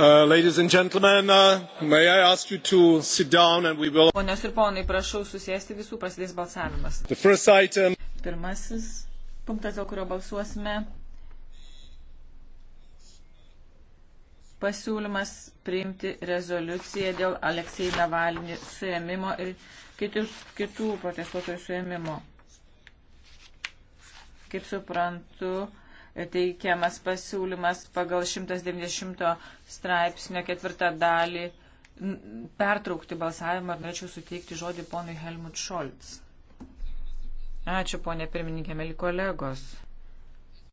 Uh, ladies and gentlemen, uh, may I ask you to sit down and we will. Ponios ir ponai, prašau susėsti visų, prasidės balsavimas. The first item. Pirmasis punktas, dėl kurio balsuosime, pasiūlymas priimti rezoliuciją dėl Aleksei Navalny suėmimo ir kitus, kitų protestuotojų suėmimo. Kaip suprantu, teikiamas pasiūlymas pagal 190 straipsnio ketvirtą dalį pertraukti balsavimą ir norėčiau suteikti žodį ponui Helmut Scholz. Ačiū, ponė pirmininkė, mėly kolegos.